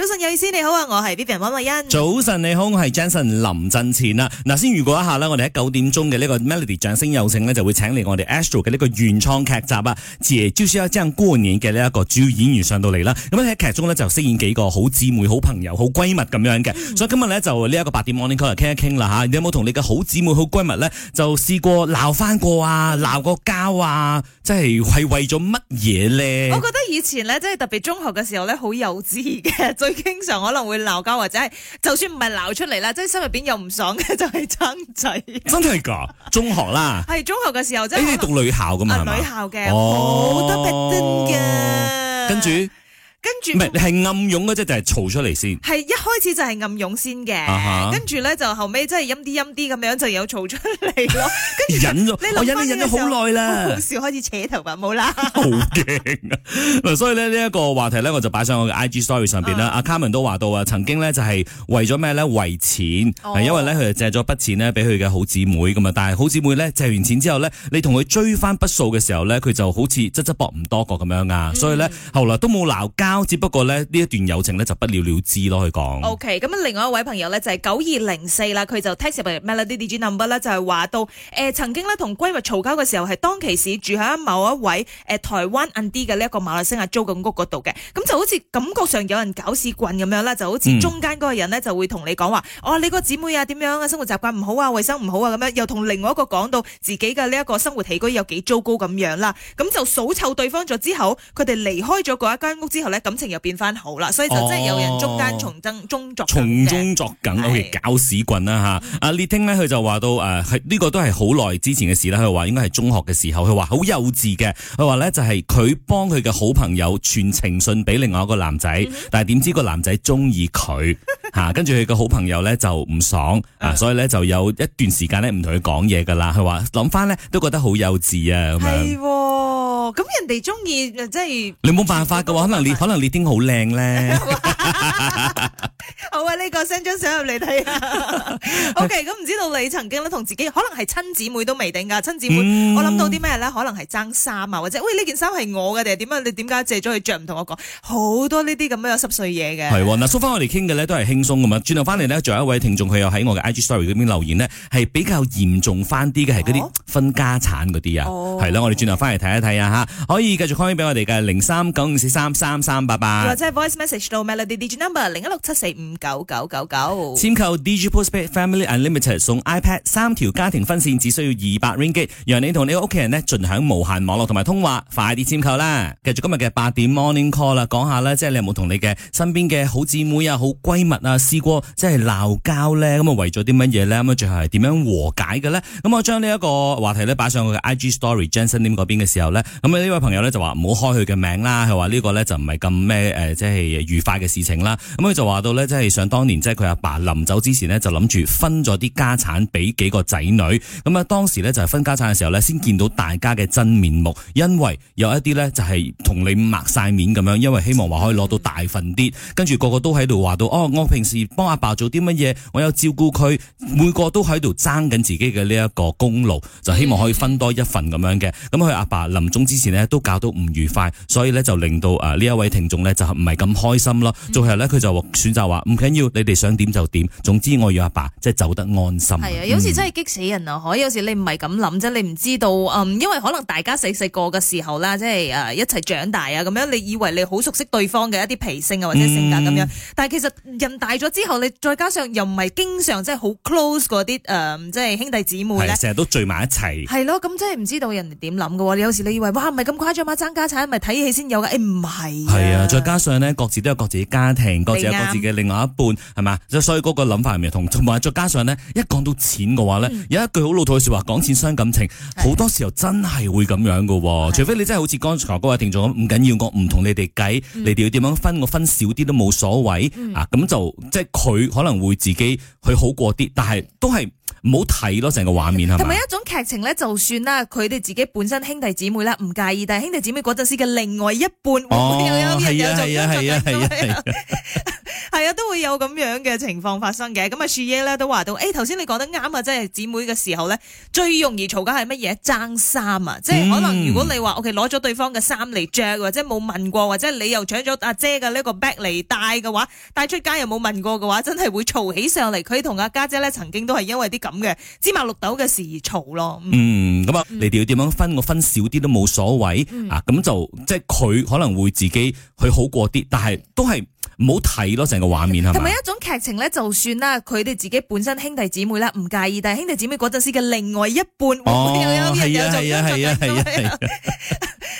早晨，有意思你好啊，我係 Vivian 溫慧欣。早晨，你好，我係 Jenson 林振前啊。嗱，先預告一下呢，我哋喺九點鐘嘅呢個 Melody 掌聲有請呢，就會請嚟我哋 Astro 嘅呢個原創劇集啊，自招書友張冠演嘅呢一個主要演員上到嚟啦。咁喺劇中呢，就飾演幾個好姊妹、好朋友、好閨蜜咁樣嘅。 所以今日呢，就呢一個八點 online call 嚟傾一傾啦吓。你有冇同你嘅好姊妹、好閨蜜呢？就試過鬧翻過啊，鬧過交啊？即係係為咗乜嘢呢？我覺得以前呢，即係特別中學嘅時候呢，好幼稚嘅。 經常可能會鬧交或者係，就算唔係鬧出嚟啦，即係心入邊又唔爽嘅就係爭仔。真係噶，中學啦，係 中學嘅時候，即係、欸、你讀女校噶嘛，係、啊、咪女校嘅，好、哦、多 p e 嘅，跟住。跟住係暗湧嘅啫，就係嘈出嚟先。係一開始就係暗湧先嘅，跟住咧就後尾真係陰啲陰啲咁樣，就有嘈出嚟咯。跟住忍咗，我忍咗忍咗好耐啦。好笑，開始扯頭髮冇啦，好驚嗱，所以呢，呢一個話題咧，我就擺上我嘅 IG Story 上邊啦。阿 Carmen 都話到啊，曾經咧就係為咗咩咧，為錢。因為咧，佢就借咗筆錢咧俾佢嘅好姊妹咁啊，但係好姊妹咧借完錢之後咧，你同佢追翻筆數嘅時候咧，佢就好似側側膊唔多覺咁樣啊，所以咧後來都冇鬧只不過咧呢一段友情咧就不了了之咯。去講。O K，咁另外一位朋友咧就係九二零四啦，佢就 text 嚟 message 呢啲 number 咧，就係話到誒曾經咧同閨蜜嘈交嘅時候，係當其時住喺某一位誒、呃、台灣 n d 嘅呢一個馬來西亞租嘅屋嗰度嘅。咁就好似感覺上有人搞屎棍咁樣啦，就好似中間嗰個人呢，就會同你講話，嗯、哦你個姊妹啊點樣啊，生活習慣唔好啊，衛生唔好啊咁樣，又同另外一個講到自己嘅呢一個生活起居有幾糟糕咁樣啦。咁就數臭對方咗之後，佢哋離開咗嗰一間屋之後咧。感情又變翻好啦，所以就即係有人中間從、哦、中，中作，從中作梗，好似是、okay，搞屎棍啦、啊、吓。阿列、嗯啊、聽咧，佢就話到誒，係、啊、呢、這個都係好耐之前嘅事啦。佢話應該係中學嘅時候，佢話好幼稚嘅。佢話咧就係、是、佢幫佢嘅好朋友傳情信俾另外一個男仔，嗯、哼但係點知個男仔中意佢吓，跟住佢嘅好朋友咧就唔爽、嗯啊，所以咧就有一段時間咧唔同佢講嘢噶啦。佢話諗翻咧都覺得好幼稚啊咁樣。咁、哦、人哋中意，即係你冇辦法嘅話法可，可能你可能你已經好靚咧。 好啊，呢個 send 張相入嚟睇啊。OK，咁唔知道你曾經咧同自己，可能係親姊妹都未定噶，親姊妹，我諗到啲咩咧？可能係爭衫啊，或者喂呢件衫係我嘅，定係點啊？你點解借咗佢着唔同我講？好多呢啲咁嘅有濕碎嘢嘅。係嗱，收翻我哋傾嘅咧都係輕鬆咁啊。轉頭翻嚟呢，仲有一位聽眾佢又喺我嘅 IG Story 嗰邊留言呢，係比較嚴重翻啲嘅，係嗰啲分家產嗰啲啊。係啦，我哋轉頭翻嚟睇一睇啊吓，可以繼續 call 俾我哋嘅零三九五四三三三八八，或者 voice message 到 Melody Digital number 零一六七四。五九九九九，簽購 Digi Postpaid Family Unlimited 送 iPad 三條家庭分線，只需要二百 Ringgit，讓你同你屋企人咧盡享無限網絡同埋通話，快啲簽購啦！繼續今日嘅八點 Morning Call 啦，講下咧，即係你有冇同你嘅身邊嘅好姊妹好閨啊、好閨蜜啊試過即係鬧交咧？咁啊為咗啲乜嘢咧？咁啊最後係點樣和解嘅咧？咁我將呢一個話題咧擺上我嘅 I G Story Johnson 點嗰邊嘅時候咧，咁啊呢位朋友咧就話唔好開佢嘅名啦，佢話呢個咧就唔係咁咩誒，即係愉快嘅事情啦。咁佢就話到咧。即係想當年，即係佢阿爸臨走之前呢，就諗住分咗啲家產俾幾個仔女。咁啊，當時呢就係分家產嘅時候呢，先見到大家嘅真面目，因為有一啲呢，就係同你抹晒面咁樣，因為希望話可以攞到大份啲。跟住個個都喺度話到哦，我平時幫阿爸做啲乜嘢，我有照顧佢，每個都喺度爭緊自己嘅呢一個功勞，就希望可以分多一份咁樣嘅。咁佢阿爸臨終之前呢，都搞到唔愉快，所以呢，就令到啊呢一位聽眾呢，就唔係咁開心咯。最後呢，佢就選擇話。唔緊要，你哋想點就點。總之，我要阿爸即係、就是、走得安心。係啊，有時真係激死人啊！可以、嗯、有時你唔係咁諗啫，你唔知道，嗯，因為可能大家細細個嘅時候啦，即係誒一齊長大啊，咁樣你以為你好熟悉對方嘅一啲脾性啊或者性格咁樣，嗯，但係其實人大咗之後，你再加上又唔係經常即係好 close 嗰啲誒，即，嗯，係，就是，兄弟姊妹咧，成日都聚埋一齊。係咯，咁真係唔知道人哋點諗㗎。你有時你以為哇，唔係咁誇張嘛，爭家產咪睇戲先有嘅，唔，欸，係。係啊，再加上呢，各自都有各自嘅家庭，各自有各自嘅一半係嘛，即所以嗰個諗法係咪同，同埋再加上咧，一講到錢嘅話咧，嗯、有一句好老土嘅說話，講、嗯、錢傷感情，好、嗯、多時候真係會咁樣喎。的除非你真係好似剛才嗰位聽眾咁，唔緊要，我唔同你哋計，嗯、你哋要點樣分，我分少啲都冇所謂，嗯、啊，咁就即係佢可能會自己佢好過啲，但係都係。唔好睇咯，成個畫面係咪？同埋一種劇情咧，就算啦，佢哋自己本身兄弟姊妹咧唔介意，但係兄弟姊妹嗰陣時嘅另外一半，哦，係啊係啊係啊係啊，都會有咁樣嘅情況發生嘅。咁啊樹爺咧都話到，誒頭先你講得啱啊，即係姊妹嘅時候咧，最容易嘈交係乜嘢？爭衫啊，嗯、即係可能如果你話我哋攞咗對方嘅衫嚟着，或者冇問過，或者你又搶咗阿姐嘅呢一個 bag 嚟帶嘅話，帶出街又冇問過嘅話，真係會嘈起上嚟。佢同阿家姐咧，曾經都係因為啲咁嘅芝麻綠豆嘅時而嘈咯，嗯，咁啊，你哋要點樣分？嗯、我分少啲都冇所謂、嗯、啊，咁就即係佢可能會自己去好過啲，但係都係。唔好睇咯，成個畫面係同埋一種劇情咧，就算啦，佢哋自己本身兄弟姊妹咧唔介意，但係兄弟姊妹嗰陣時嘅另外一半，係啊係啊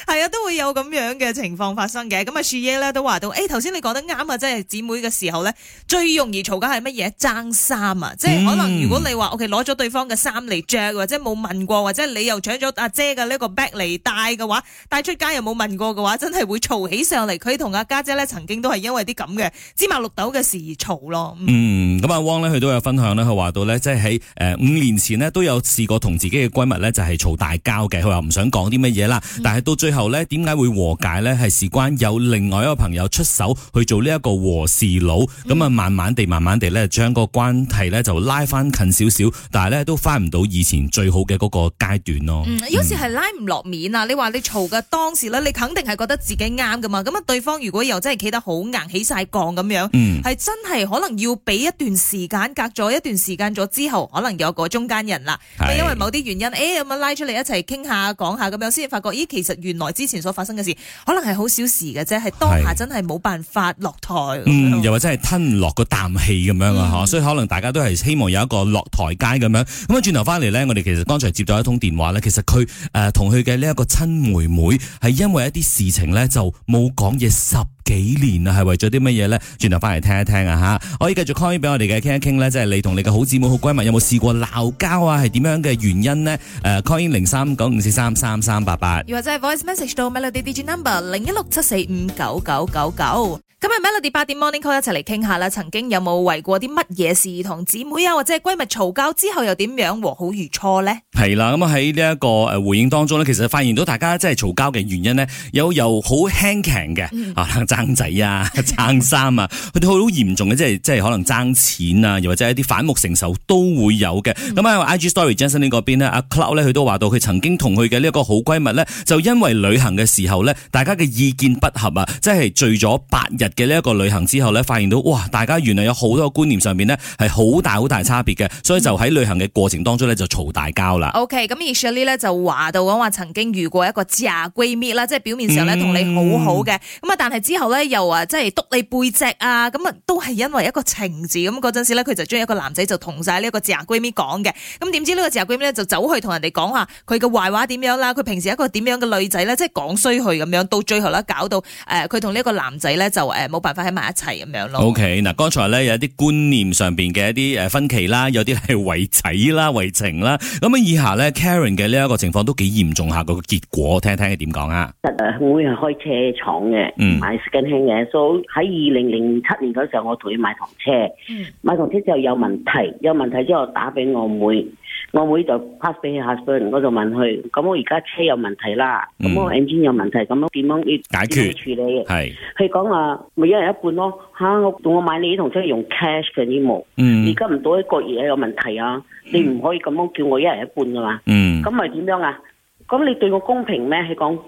啊都會有咁樣嘅情況發生嘅。咁啊樹爺咧都話到，誒頭先你講得啱啊，即係姊妹嘅時候咧，最容易嘈交係乜嘢？爭衫啊，即係可能如果你話 OK 攞咗對方嘅衫嚟着，或者冇問過，或者你又搶咗阿姐嘅呢個 bag 嚟帶嘅話，帶出街又冇問過嘅話，真係會嘈起上嚟。佢同阿家姐咧，曾經都係因為。啲咁嘅芝麻綠豆嘅事而嘈咯，嗯嗯。嗯，咁阿汪呢，佢都有分享呢，佢話到呢，即係喺誒五年前呢，都有試過同自己嘅閨蜜呢，就係嘈大交嘅。佢話唔想講啲乜嘢啦，但係到最後呢，點解會和解呢？係事關有另外一個朋友出手去做呢一個和事佬，咁啊，慢慢地、慢慢地呢，將個關係呢就拉翻近少少，但係呢，都翻唔到以前最好嘅嗰個階段咯，嗯。有時係拉唔落面啊！你話你嘈嘅當時呢，你肯定係覺得自己啱噶嘛？咁啊，對方如果又真係企得好硬氣起晒降咁樣，係真係可能要俾一段時間，隔咗一段時間咗之後，可能有個中間人啦。因為某啲原因，誒咁啊拉出嚟一齊傾下講下咁樣，先至發覺咦其實原來之前所發生嘅事，可能係好小事嘅啫，係當下真係冇辦法落台，嗯，又或者係吞落個啖氣咁樣啊，嗬、嗯。所以可能大家都係希望有一個落台階咁樣。咁啊轉頭翻嚟呢，我哋其實剛才接到一通電話咧，其實佢誒同佢嘅呢一個親妹妹係因為一啲事情呢，就冇講嘢十幾年啦、啊，係為咗啲乜嘢咧？轉頭翻嚟聽一聽啊吓，可以繼續 call in 俾我哋嘅傾一傾咧，即係你同你嘅好姊妹、好閨蜜有冇試過鬧交啊？係點樣嘅原因呢誒，call in 零三九五四三三三八八，又、呃、或者係 voice message 到 Melody Digi number 零一六七四五九九九九。今日咪六地八點 morning call 一齊嚟傾下啦，曾經有冇為過啲乜嘢事同姊妹啊，或者係閨蜜嘈交，之後又點樣和好如初咧？係啦，咁啊喺呢一個誒回應當中咧，其實發現到大家即係嘈交嘅原因咧，有又好輕強嘅啊爭仔啊爭衫啊，佢哋好嚴重嘅，即係即係可能爭錢啊，又或者係一啲反目成仇都會有嘅。咁啊，I G story Justin 嗰邊咧，阿、啊、Cloud 呢，佢都話到，佢曾經同佢嘅呢一個好閨蜜咧，就因為旅行嘅時候咧，大家嘅意見不合啊，即係聚咗八日。嘅呢一個旅行之後咧，發現到哇，大家原來有好多觀念上面呢，係好大好大差別嘅，所以就喺旅行嘅過程當中咧就嘈大交啦。OK，咁 Eshley 咧就話到講話曾經遇過一個假閨蜜啦，即係表面上咧同你好好嘅，咁啊、嗯、但係之後咧又啊即係督你背脊啊，咁啊都係因為一個情字。咁嗰陣時咧，佢就將一個男仔就同晒呢一個假閨蜜講嘅，咁點知呢個假閨蜜咧就走去同人哋講話佢嘅壞話點樣啦，佢平時一個點樣嘅女仔咧，即係講衰佢咁樣，到最後咧搞到誒佢同呢一個男仔咧就。誒，冇辦法喺埋一齊咁樣咯。OK，嗱，剛才咧有一啲觀念上邊嘅一啲誒分歧啦，有啲係為仔啦、為情啦。咁啊，以下咧 Karen 嘅呢一個情況都幾嚴重下，嗰個結果聽聽佢點講啊？誒，我係開車廠嘅，買吉慶嘅，So，喺二零零七年嗰時候，我同佢買堂車，嗯、買堂車之後有問題，有問題之後打俾我妹妹。我妹，妹就 Pass 俾佢吓，我就問佢，咁我而家車有問題啦，咁、嗯、我 engine 有問題，咁樣點樣解決樣處理？係佢講話咪一人一半咯。嚇、啊！我我買你呢啲同車用 cash 嘅呢幕，而家唔到一個月有問題啊！嗯、你唔可以咁樣叫我一人一半噶嘛？咁咪點樣啊？咁你對我公平咩？佢講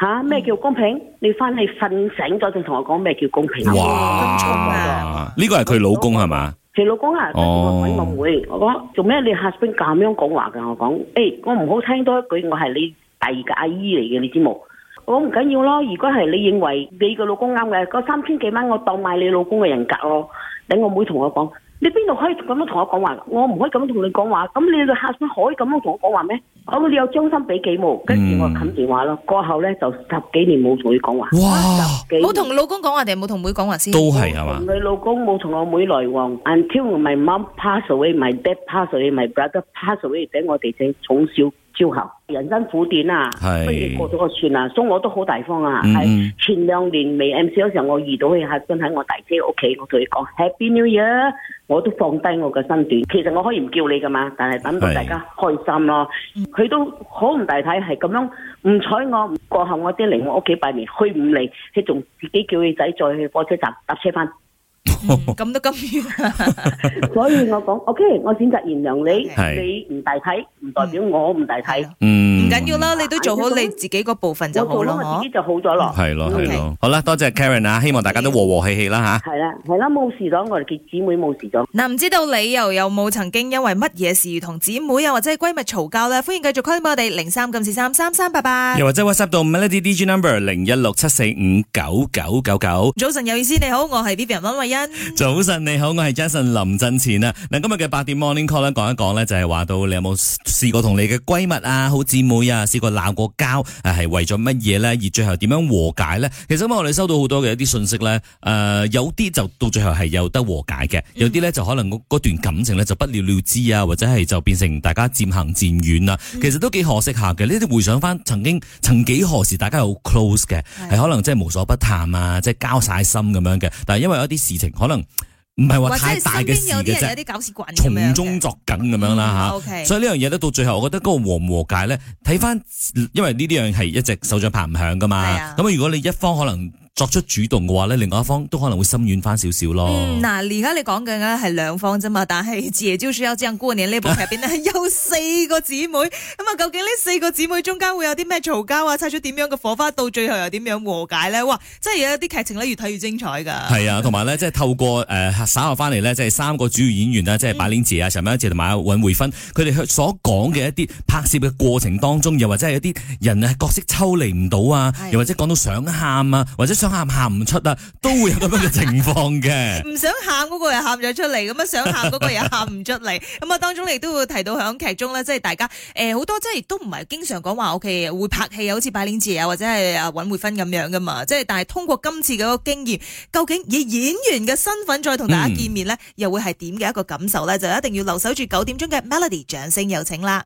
吓，咩、啊、叫公平？你翻去瞓醒咗就同我講咩叫公平哇啊？呢個係佢老公係嘛？後佢老公啊，跟我搵妹，我講做咩你吓邊咁樣講話噶？我講，誒、欸，我唔好聽多一句，我係你第二個阿姨嚟嘅，你知冇？我唔緊要咯，如果係你認為你個老公啱嘅，嗰三千幾蚊我當買你老公嘅人格咯，等我妹同我講。你邊度可以咁樣同我講話？我唔可以咁樣同你講話。咁你個客可以咁樣同我講話咩？咁你有將心比己冇？嗯、跟住我冚電話咯。過後咧就十幾年冇同佢講話。哇！冇同老公講話定係冇同妹講話先？都係係嘛？你老公冇同我妹來往。Until my mom pass away, my dad pass away, my brother pass away. 等我哋整從小。人生苦短啊，不如是過咗個算啊，所以我都好大方啊。嗯、前兩年未 M C 的時候，我遇到佢客，跟喺我大姐屋企，我同佢講 Happy New Year，我都放低我個身段。其實我可以唔叫你噶嘛，但係等到大家開心咯、啊。佢是都好唔大體，係咁樣唔睬我過後，我啲嚟我屋企拜年，去唔嚟，佢仲自己叫佢仔再去火車站搭車返。 咁都咁冤，所以我講，OK，我選擇原諒你，你唔大體，唔代表我唔大體，唔緊要啦，你都做好你自己嗰部分就好咯，我自己就好咗咯，係咯係咯，好啦，多謝 Karen 啊，希望大家都和和氣氣啦吓，係啦係啦，冇事咗，我哋嘅姊妹冇事咗。嗱，唔知道你又有冇曾經因為乜嘢事同姊妹又或者係閨蜜嘈交咧？歡迎繼續 call 我哋零三咁四三三三，八八。又或者 WhatsApp 到 Melody D G Number 零一六七四五九九九九。早晨有意思，你好，我係 Vivian 溫慧欣。早晨你好，我係 Jason 林振前啊！嗱，今日嘅八點 morning call 咧，講一講咧，就係話到你有冇試過同你嘅閨蜜啊、好姊妹啊，試過鬧過交，係為咗乜嘢咧？而最後點樣和解咧？其實我哋收到好多嘅一啲信息咧，誒，有啲就到最後係有得和解嘅，有啲咧就可能嗰段感情咧就不了了之啊，或者係就變成大家漸行漸遠啊。其實都幾可惜下嘅，呢啲回想翻曾經曾幾何時，大家好 close 嘅，係對可能真係無所不談啊，即係交晒心咁樣嘅，但係因為有一啲事情。可能唔係話太大嘅事，嘅啫，從中作梗咁樣啦吓。所以呢樣嘢咧到最後，我覺得嗰個和唔和解咧，睇翻，因為呢啲樣係一隻手掌拍唔響噶嘛。咁啊，如果你一方可能。作出主動嘅話呢，另外一方都可能會心軟翻少少咯。嗱、嗯，現在而家你講嘅呢係兩方啫嘛，但係《夜招書》有鄭姑娘呢部劇入邊呢，有四個姊妹，咁啊、 嗯，究竟呢四個姊妹中間會有啲咩嘈交啊，擦出點樣嘅火花，到最後又點樣和解呢？哇，真係有啲劇情越睇越精彩噶。係啊，同埋呢，即係透過誒散、呃、學翻嚟呢，即係三個主要演員啊， 即係白蓮姐啊、陳媽姐同埋阿尹慧芬，佢哋所講嘅一啲拍攝嘅過程當中，又或者係一啲人啊角色抽離唔到啊，又或者講到想喊啊， 或者喊喊唔出啊，都會有咁樣嘅情況嘅。唔 想喊嗰個又喊咗出嚟，咁啊想喊嗰個又喊唔出嚟，咁啊 當中你都會提到響劇中咧，即係大家誒好、呃、多即係都唔係經常講話屋企會拍戲啊，好似擺領字啊或者係揾會分咁樣噶嘛。即係但係通過今次嘅個經驗，究竟以演員嘅身份再同大家見面咧，嗯、又會係點嘅一個感受咧？就一定要留守住九點鐘嘅 Melody 掌聲有請啦。